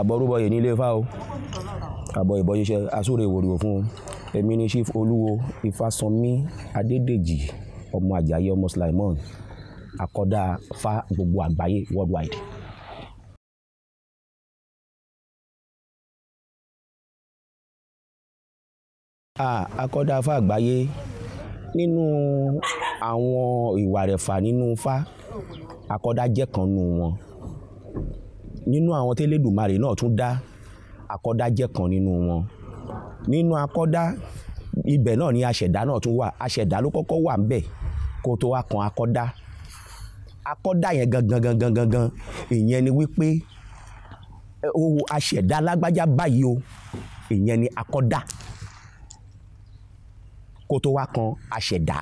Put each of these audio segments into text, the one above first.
àbọ̀rúbọ yìí nílé fáwọn àbọ̀ ìbọn ṣiṣẹ́ asúre ìwòrìwò fún un èmi ni chief olúwo ìfàsánmi adédèjì ọmọ àjàyí ọmọ sulaimon akọ́dá fa gbogbo àgbáyé worldwide. akọ́dá fa àgbáyé nínú àwọn ìwà rẹ̀fà nínú fa akọ́dá jẹ́ kan nù wọn nínú àwọn tẹ́lẹ̀dùmarè náà tún dá akọ́dá jẹ́ kan nínú wọn nínú akọ́dá ibẹ̀ náà ni aṣẹ̀dá náà tún wà aṣẹ̀dá ló kọ́kọ́ wà ńbẹ̀ kó tó wá kan akọ́dá akọ́dá yẹn gangan gangan gangan ìyẹn ni wípé o aṣẹ̀dá lágbájá báyìí o ìyẹn ni akọ́dá kó tó wá kan aṣẹ̀dá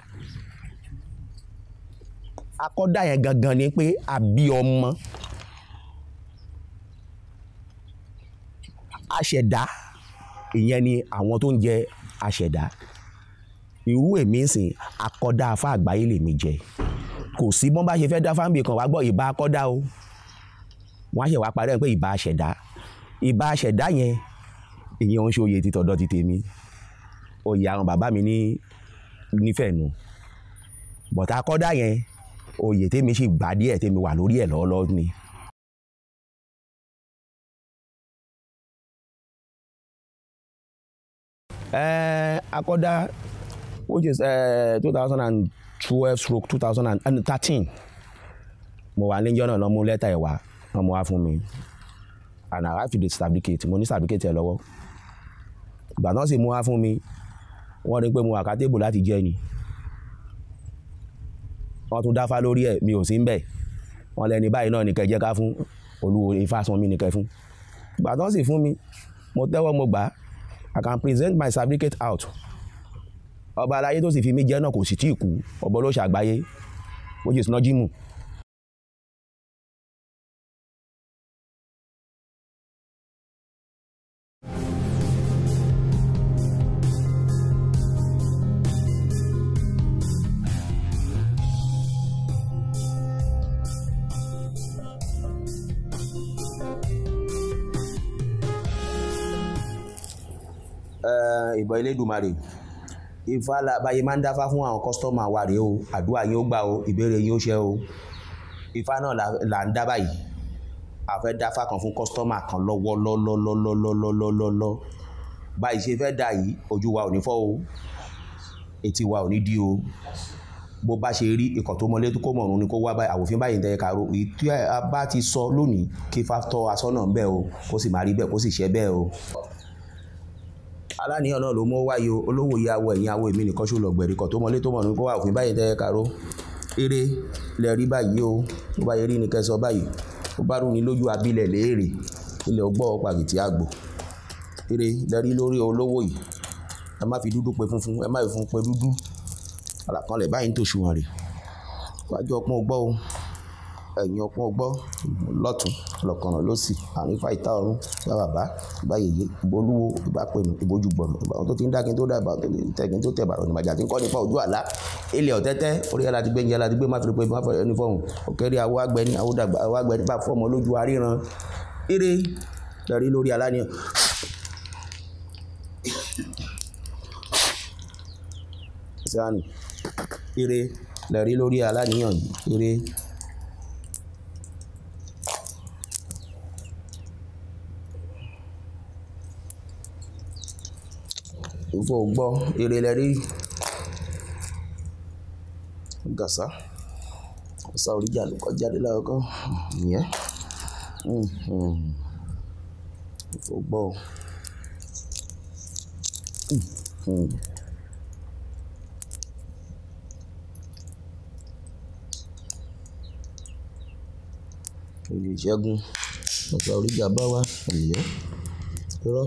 akọ́dá yẹn gangan ni pé àbí ọmọ aṣẹ̀dá ìyẹn ni àwọn tó ń jẹ aṣẹ̀dá irú èmi ń sìn akọ́dá afá àgbáyé lèmi jẹ kò sí bọ́n bá ṣe fẹ́ dá fáńbì kan wá gbọ́ ìbá akọ́dá o wọ́n á ṣe wá parẹ́ pé ìbá aṣẹ̀dá ìbá aṣẹ̀dá yẹn ìyẹn ò ń ṣe oyè títọ̀dọ̀ ti tèmi oyè àwọn bàbá mi ní nífẹ̀ẹ́ nu bọ̀tà akọ́dá yẹn oyè tèmi sì gbà díẹ̀ tèmi wà lórí ẹ̀ lọ́ọ́lọ́ọ́ ni. Eh, Akọ́dá which is eh, two thousand and twelve stroke two thousand and mo wà níjọ́ náà lọ́mú lẹ́tà ẹ̀ wá wọ́n wá fún mi and I have to certificate mo ní certificate ẹ̀ lọ́wọ́ ìgbà náà sì mú wá fún mi wọ́n rí i pé mo wà ká tébù láti jẹ́ ni wọ́n tún dáfá lórí ẹ̀ mi ò sí ń bẹ̀ wọ́n lẹ́ni báyìí náà nìkẹ́ jẹ́ ká fún olúwo ifá san mi nìkẹ́ fún ìgbà náà sì fún mi mo tẹ́wọ́ mo gbà I can present my certificate out ọba aláyé tó sì fi mí jẹ́ náà kò sì tí ì kú ọ̀bọ ló ṣàgbáyé which is nojimu ìbọn Elédùmarè ifá báyé máa ń dáfá fún àwọn kọ́sítọ́mà wa rèé o àdúrà yín ó gbà o ìbéèrè yín ó ṣe o ifá náà là ń dá báyìí a fẹ́ dáfá kan fún kọ́sítọ́mà kan lọ́wọ́ lọ́lọ́lọ́lọ́lọ́lọ́lọ́ báyìí ṣe fẹ́ dà yìí ojú wa ò ní fọ́ o etí wa ò ní dí o bó bá ṣe rí ikọ̀ tó mọlé tó kó mọ̀rún ni kó wá báyìí àwòfin báyìí ń tẹ́ ká ìtú ẹ̀ bá ti sọ lónìí kí fá tọ́ bẹ́ẹ̀ o kó sì má rí bẹ́ẹ̀ kó sì ṣe bẹ́ẹ̀ o aláníyàn náà ló mọ́ wáyé o olówó yìí awọ ẹ̀yìn awọ èmi nìkan ṣó lọ gbẹ̀rì kan tó mọlé tó mọ̀ ní kó wà òfin báyìí tẹ́ karó eré lẹ rí báyìí o ó bá yẹ rí ni kẹsọ báyìí ó bá rúni lójú abilẹ̀ léèrè ilẹ̀ ọgbọ́ pàkìtì àgbò eré lẹ rí lórí olówó yìí ẹ má fi dúdú pe funfun ẹ má fi funfun pe dúdú àlàkànlẹ̀ báyìí ń tòṣùwọ̀n rè wájú ọpọ́n ọgbọ́ o ẹ̀yìn ọpọ́n ọgbọ́ lọ́tún lọ́kànràn lọ́sì àrùn ifá ìta ọ̀run ìgbà bàbá ìgbà yèyé ìbolúwo ìgbà pẹ̀lú ìbojú gbọ̀nù ìgbà tó ti ń dákin tó dàgbà tẹ̀gin tó tẹ̀ bàrọ̀ nìbàjá tí ń kọ́ nípa ojú àlá ilẹ̀ ọ̀tẹ́tẹ́ orí ẹ̀la ti gbé ńjẹ́ ẹ̀la ti gbé má fi pé má fọ̀rọ̀ ẹni fọ̀hún òkèrè awọ agbẹni awọ dàgbà awọ agbẹni bá fọmọ lójú aríran eré lórí lórí aláníyàn sani eré lórí lórí aláníyàn eré òfò gbọ́ eré gasa. gàṣà ọ̀sà oríjà ló kọ́ jáde lákòókò ìyẹn òfò gbọ́ o. olùṣègùn ọ̀sà oríjà bá wà ìyẹn irọ́.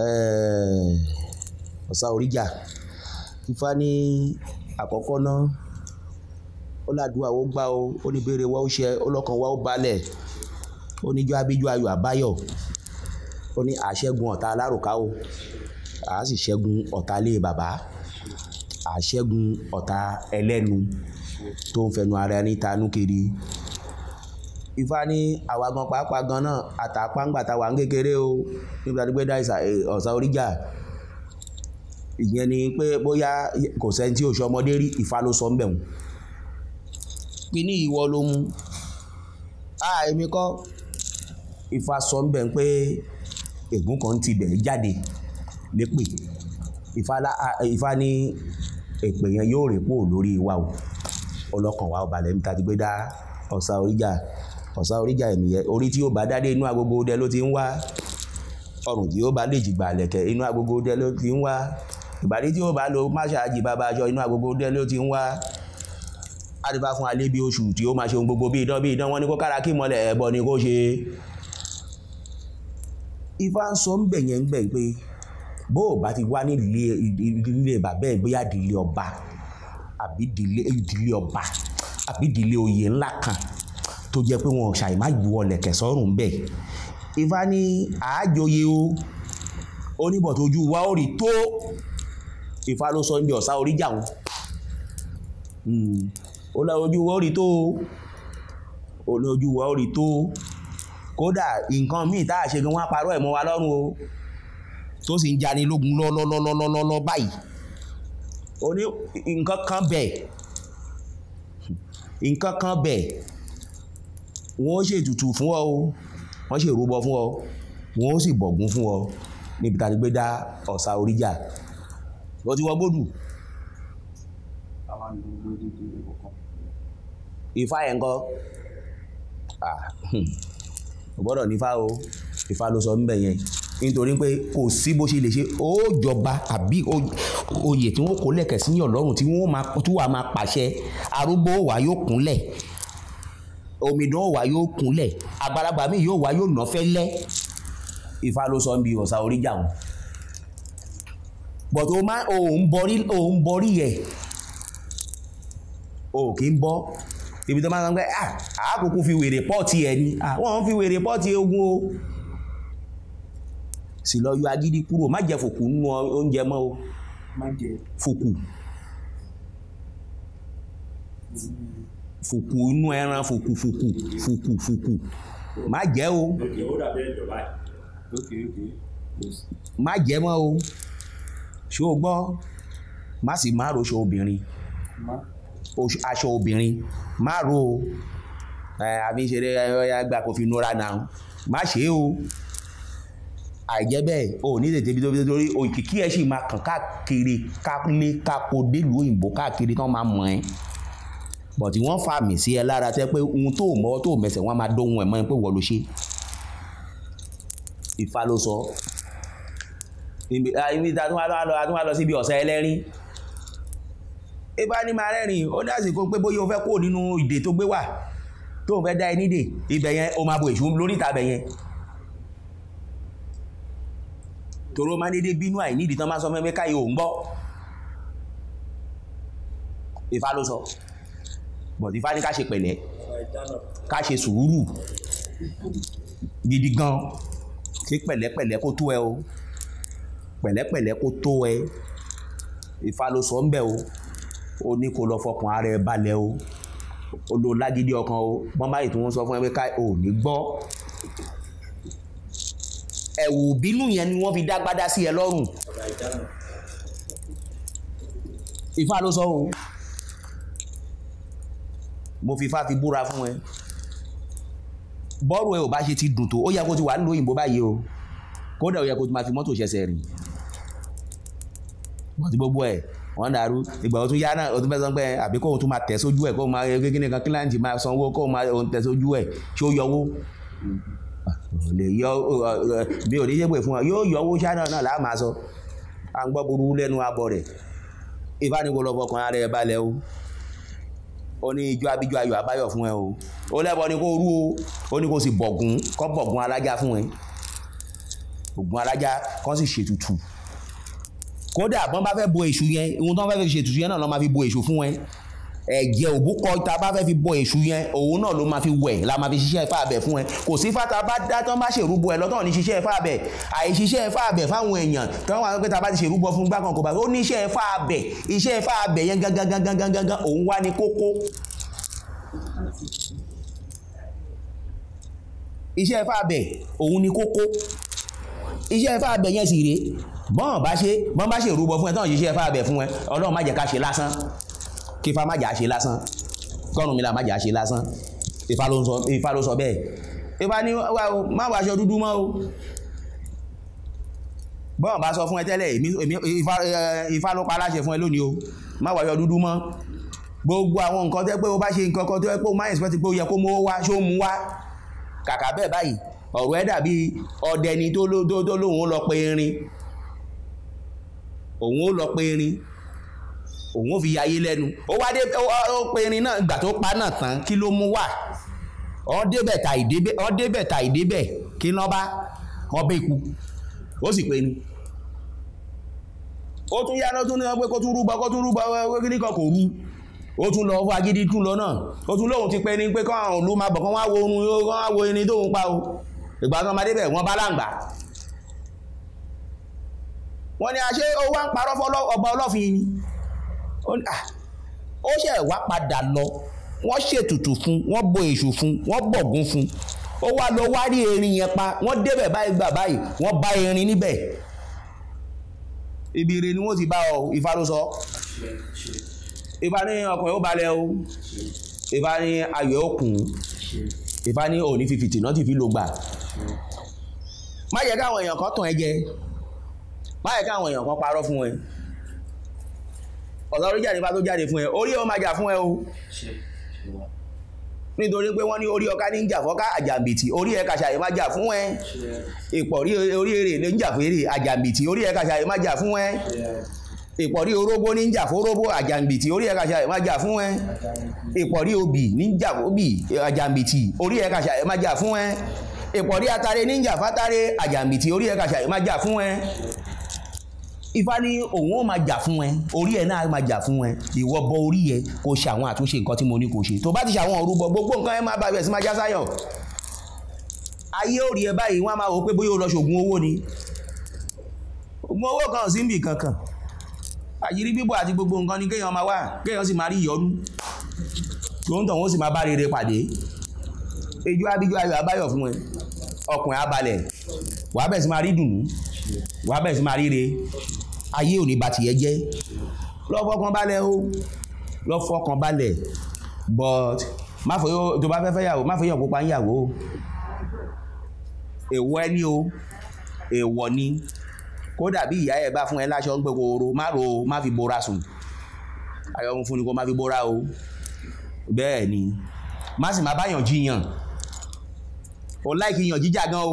Eh, ọ̀sà oríjà ifá ní àkọ́kọ́ náà ó ládùúgbò àwọn gbà ó ó ní béèrè wa ó ṣe ó lọ́kàn wa ó balẹ̀ ó níjọ́ abíjọ́ ayọ̀ àbáyọ̀ ó ní àṣẹ́gun ọ̀tá alárùká o à sì ṣẹ́gun ọ̀tá lé bàbá à ọ̀tá ẹlẹ́nu tó ń fẹnu ara ẹni tanú kiri ifá ní àwa gan pàápàá gan náà àtàpáǹgbà táwa ń kékeré o níbi tá a ti gbé dáìsà eh, ọ̀sà oríjà ìyẹn ni pé bóyá kò sẹ́ni tí oṣù ọmọdé rí ifá ló sọ ń bẹ̀ wọ́n kíní ìwọ ló mú a èmi kọ́ ifá sọ ń bẹ̀ pé ègún kan ti bẹ̀ jáde lépè ifá ní èpè yẹn yóò rèpò lórí wa o ọlọ́kàn wa ọbalẹ̀ níta ti gbé dá ọ̀sà oríjà ọ̀sá oríjà ẹ̀mìyẹ orí tí ó bá dádé inú agogo dẹ ló ti ń wá ọrùn tí ó bá lè jìgbà lẹ̀kẹ̀ inú agogo dẹ ló ti ń wá ìbàdí tí ó bá lo máṣá àjì bàbá aṣọ inú agogo dẹ ló ti ń wá àdìbá fún alẹ́ bí oṣù tí ó máa ṣe ohun gbogbo bí idán bí idán wọn ni kó kára kí mọ́lẹ̀ ẹ̀bọ ni kó ṣe ifá ń sọ ń bẹ̀ yẹn ń bẹ̀ pé bó o bá ti wá ní bàbá ẹ̀ bóyá ìdílé ọba àbí ìdílé ọba àbí ìdílé oyè ńlá kan tó jẹ́ pé wọn ò ṣàì má ju ọlẹ̀kẹ̀ sọ́rùn bẹ́ẹ̀ ifá ní àájòyè o oníbọ̀ tójú wa ó rí tó ifá ló sọ níbi ọ̀sá orí jà wọn hmm, ó lọ ojú wa ó rí tó ó lọ wa ó rí tó kódà nǹkan míì tá a ṣe gan wọn parọ́ ẹ̀ mọ́ wa lọ́rùn o tó sì ń jani lógun lọ́lọ́lọ́lọ́lọ́ báyìí ó ní nǹkan kan bẹ́ẹ̀ nǹkan kan bẹ́ẹ̀ wọ́n ṣètùtù fún ọ o wọ́n ṣèrúbọ fún ọ wọ́n sì bọ̀gún fún ọ níbi tá a ti gbé dá ọ̀sà oríjà wọ́n ti wọ́n gbódù. ìfá yẹn kọ́ ò gbọ́dọ̀ nífá o ìfá ló sọ níbẹ̀ yẹn nítorí pé kò sí bó ṣe lè ṣe ó jọba àbí oyè tí wọ́n kó lẹ̀kẹ̀ sí yàn lọ́rùn tí wọ́n máa pàṣẹ arúgbó wa yóò kúnlẹ̀ omidan wà yóò kúnlẹ̀ àgbàlagbà mi yóò wà yóò nà fẹ́lẹ́ Ifá ló sọ ń bi ọ̀sà oríjà wọn but o ma òun bọrí òun bọrí yẹ o kì í bọ́ ibi tó máa ń gbé àákùkù fi wèrè pọ́ọ̀tì ẹ̀ ni ah, wọ́n fi wèrè pọ́ọ̀tì ogun o sì lọ yọ agídí kúrò má jẹ fòkù nínú oúnjẹ mọ́ o má jẹ fòkù fùkù inú ẹran fùkù fùkù fùkù fùkù má jẹ́ o má jẹ́ mọ́ o ṣé o gbọ́ má sì má roṣọ obìnrin aṣọ obìnrin má ro àbí ṣeré ọyá gbà kó fi nura náà má ṣe o àìjẹ́ bẹ́ẹ̀ o ní tètè bíi tóbi torí òkìkí ẹ̀ sì máa kàn káàkiri kákulé kákó délùú òyìnbó káàkiri kán máa mọ̀ ẹ́ bọ̀tí wọ́n fa àmì sí ẹ lára tẹ́ pé ohun tó mọ́ tó mẹsẹ̀ wọ́n á máa dóhun ẹ̀ mọ́ ẹ pé wọ́n ló ṣe Ifá ló sọ ibi tí a tún wá lọ síbi ọ̀sẹ̀ ẹlẹ́rìn Ifá ní máa rẹ́rìn ó ní àsìkò pé bóyá o fẹ́ kó nínú ìdè tó gbé wà tó fẹ́ dá ẹ nídè ibẹ̀ yẹn o máa bo èṣù lórí ìta bẹ̀ yẹn tòró máa dédé bínú àìnídìí tán máa sọ fẹ́ pé káyọ̀ ò ń gbọ́ Ifá ló sọ. So but ifá ní ká ṣe pẹ̀lẹ́ ká ṣe sùúrù gidi gan kí pẹ̀lẹ́pẹ̀lẹ́ kó tó ẹ o pẹ̀lẹ́pẹ̀lẹ́ kó tó ẹ ifá ló sọ ń bẹ̀ o ó ní kó lọ fọkàn ara ẹ balẹ̀ o ó lo lágídí ọkàn o wọ́n báyìí tí wọ́n sọ fún ẹ pé ká ò ní gbọ́ ẹ̀wù bínú yẹn ni wọ́n fi dágbádá sí ẹ lọ́rùn ifá ló sọ o mo fi fáfi búra fún ẹ bọ́ọ̀rù ẹ ò bá ṣe ti dùn tó ó yẹ kó ti wà nílùú òyìnbó báyìí o kódà ó yẹ kó ti máa fi mọ́tò ṣẹ̀ṣẹ̀ rìn wọ́n ti gbogbo ẹ̀ wọ́n dàrú ìgbà ó tún yá náà ó tún fẹ́ẹ́ sọ pé àbí kóun tún máa tẹ̀ sójú ẹ̀ kóun máa gbé kíni kan kíláǹtì máa sanwó kóun máa tẹ̀ sójú ẹ̀ ṣó yọwó lè yọ bí ò ṣe pé fún ọ yóò yọwó ṣáná náà láà máa sọ à ń gbọ́ burú lẹ́nu abọ́ rẹ̀ ìfánikò lọ́ fọkàn ara ẹ̀ balẹ̀ o ó ní ijó abijó ayọ̀ abáyọ̀ fún ẹ o ó lẹ́bọ̀ ni kó rú o ó ní kó sì bọ̀gùn kó bọ̀gùn alájà fún ẹ ògùn alájà kó sì ṣètùtù kódà bọ́n bá fẹ́ bo èṣù yẹn ohun tó ń fẹ́ fi ṣètùtù yẹn náà lọ́ máa fi bo èṣù fún ẹ ẹ̀jẹ̀ òbúkọ tá a bá fẹ́ fi bọ èṣù yẹn òun náà ló máa fi wẹ̀ la máa fi ṣiṣẹ́ ifá abẹ fún ẹ kò sí ifá tá a bá dá tán bá ṣèrúbọ ẹ lọ́tọ̀ ní ṣiṣẹ́ ifá abẹ àìṣiṣẹ́ ifá abẹ fáwọn èèyàn tán wà pé tá a bá ti ṣèrúbọ fún gbàkan kò bá ó ní iṣẹ́ ifá abẹ iṣẹ́ ifá abẹ yẹn gangan gangan gangan gangan òun wá ní kókó. iṣẹ́ ifá abẹ òun ní kókó iṣẹ́ ifá abẹ yẹn sì rèé bọ́n bá ṣe bọ́n bá ṣèrúbọ fún ẹ tán ṣiṣẹ́ ifá abẹ fún ẹ ọlọ́run má jẹ́ ká ṣe lásán kífá má jà ṣe lásán kọ́nù mi là má jà ṣe lásán Ifá ló sọ bẹ́ẹ̀ Ifá ní má wọ aṣọ dúdú mọ́ o bọ́n bá sọ fún ẹ tẹ́lẹ̀ eh, Ifá ló pa aláṣẹ fún ẹ lónìí o má wọ aṣọ dúdú mọ́ gbogbo àwọn nǹkan tẹ́ pé o bá ṣe nǹkan kan tó yẹ pé o máa expect pé o yẹ kó mú wá ṣó mú wá kàkà bẹ́ẹ̀ báyìí ọ̀rọ̀ ẹ dàbí ọdẹni tó lóhun ó lọ pe irin òun ó lọ pe irin òun ò fi yayé lẹ́nu ó wá dé ó pe irin náà ìgbà tó pa náà tán kí ló mú wá ọ débẹ̀ tà ìdébẹ̀ ọ débẹ̀ tà ìdébẹ̀ kí ló bá ọbẹ̀ ikú ó sì pe ni ó tún yára tún ní wọn pé kó tún rúbọ kó tún rúbọ wẹ́wẹ́ ní kan kò rú ó tún lọ fún agídí tún lọ náà ó tún lóhun ti pẹ́ ní pé kọ́ àwọn òlú máa bọ̀ kán wá wo orun yóò kán wá wo irin tóun pa o ìgbà kan máa débẹ̀ wọ́n bá láǹgbà wọ́n ní àṣé ó wá ń parọ́ fọ́ ọba ọlọ́fin ni ó ṣe wá padà lọ wọ́n ṣètùtù fún wọ́n bo èṣù fún wọ́n bọ̀gún fún ó wá lọ wá rí erin yẹn pa wọ́n débẹ̀ báyìí gbà báyìí wọ́n bá erin níbẹ̀ ibi ire ni wọ́n ti bá ọ Ifá sọ Ifá ní ọkùnrin ó balẹ̀ o Ifá ní ayọ̀ òkun Ifá ní òní fífi tì ti fi lò gbà má jẹ́ káwọn èèyàn kan tàn ẹ́ jẹ má jẹ́ káwọn èèyàn kan parọ́ fún ẹ ọ̀sán ló jáde bá tó jáde fún ẹ orí ọ máa fún ẹ o nítorí pé wọ́n ní orí ọká ní ń àjàmbìtì orí ẹ̀ka ṣàyè má jà fún ẹ ìpọ̀rí orí èrè ló ń àjàmbìtì orí ẹ̀ka ṣàyè má jà fún ẹ ìpọ̀rí orógbó ní ń àjàmbìtì orí ẹ̀ka ṣàyè má jà fún ẹ ìpọ̀rí obì ní ń àjàmbìtì orí ẹ̀ka ṣàyè má jà fún ẹ ìpọ̀rí atare ní ń àjàmbìtì orí ẹ̀ka ṣàyè má jà fún ẹ ifá ní òun ó máa jà fún ẹ orí ẹ náà máa jà fún ẹ ìwọ bọ orí ẹ kò ṣe àwọn àtúnṣe nǹkan tí mo ní kò ṣe tó bá ti ṣe àwọn òrùbọ gbogbo nǹkan ẹ máa bá ibẹ̀ sí máa já sáyọ̀ ayé ò rí ẹ báyìí wọ́n á máa wò ó pé bóyá o lọ ṣògùn owó ni ògùn owó kan ò sí níbì kankan àyírí bíbọ̀ àti gbogbo nǹkan ni kéèyàn máa wà kéèyàn sì máa rí ìyọnu tòun tàn wọ́n sì máa bá rere pàdé ejò abijọ́ ayọ̀ abáyọ̀ fún ẹ ọkùnrin abalẹ̀ wàá bẹ̀ sí máa rí dùnú wàá bẹ̀ sí máa ríre ayé ò ní ba tìyẹ jẹ́ lọ fọkàn balẹ̀ o lọ fọkàn balẹ̀ but má fọ yóò tó bá fẹ́ fẹ́ yàwó má fọ yóò kópa ń yàwó èèwọ̀ ẹ ní o èèwọ̀ ni kódà bí ìyá ẹ bá fún ẹ láṣọ ń pè kóró má ro má fi bora sùn ayọ̀hún fún ni kó má fi bora o bẹ́ẹ̀ ni má sì má báyàn jiyàn o láìkì yàn jíjà gan o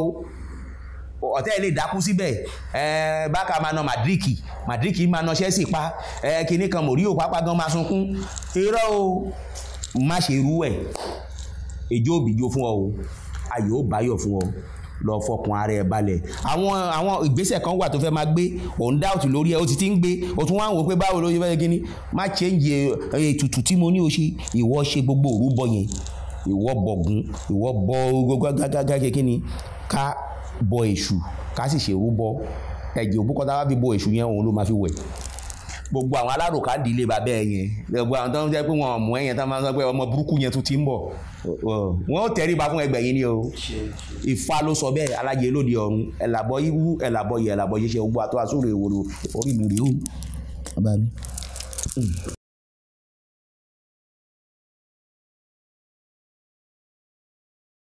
ọ̀tẹ́ lè dákú síbẹ̀ ẹ̀ẹ́ bákà máa na madriki madriki máa na Chelsea pa ẹ̀ẹ́ kinní kan mòríò pápá gan máa sunkún irọ́ o má ṣe rú ẹ̀ èjò òbíjó fún ọ o ayò ó báyọ̀ fún ọ lọ fọkàn ara ẹ balẹ̀ àwọn àwọn ìgbésẹ̀ kan wà tó fẹ́ máa gbé òun dáùtù lórí ẹ ó ti ti ń gbé ó tún wá ń wò pé báwo ló ṣe fẹ́ gíní má change ètùtù tí mo ní o ṣe ìwọ ṣe gbogbo òrúbọ yẹn ìwọ bọ̀gún ìwọ bọ gbogbo gágágá kíni bọ èṣù ká sì ṣe ìrúbọ ẹ̀jẹ̀ òbúkọ tá a bá fi bọ èṣù yẹn òun ló máa fi wẹ̀ gbogbo àwọn alárùkà dìlé bàbá ẹ yẹn gbogbo àwọn tó ń jẹ́ pé wọn mú ẹyẹn tó máa ń sọ pé ọmọ burúkú yẹn tún ti ń bọ̀ wọn ò tẹríba fún ẹgbẹ́ yìí ni o Ifá ló sọ bẹ́ẹ̀ alájẹ lóde ọ̀run ẹ̀làbọ̀ iwu ẹ̀làbọ̀ yẹ ẹ̀làbọ̀ yẹ ṣe gbogbo àtọ́ àsúrò ìwòrò orí mi rèé o.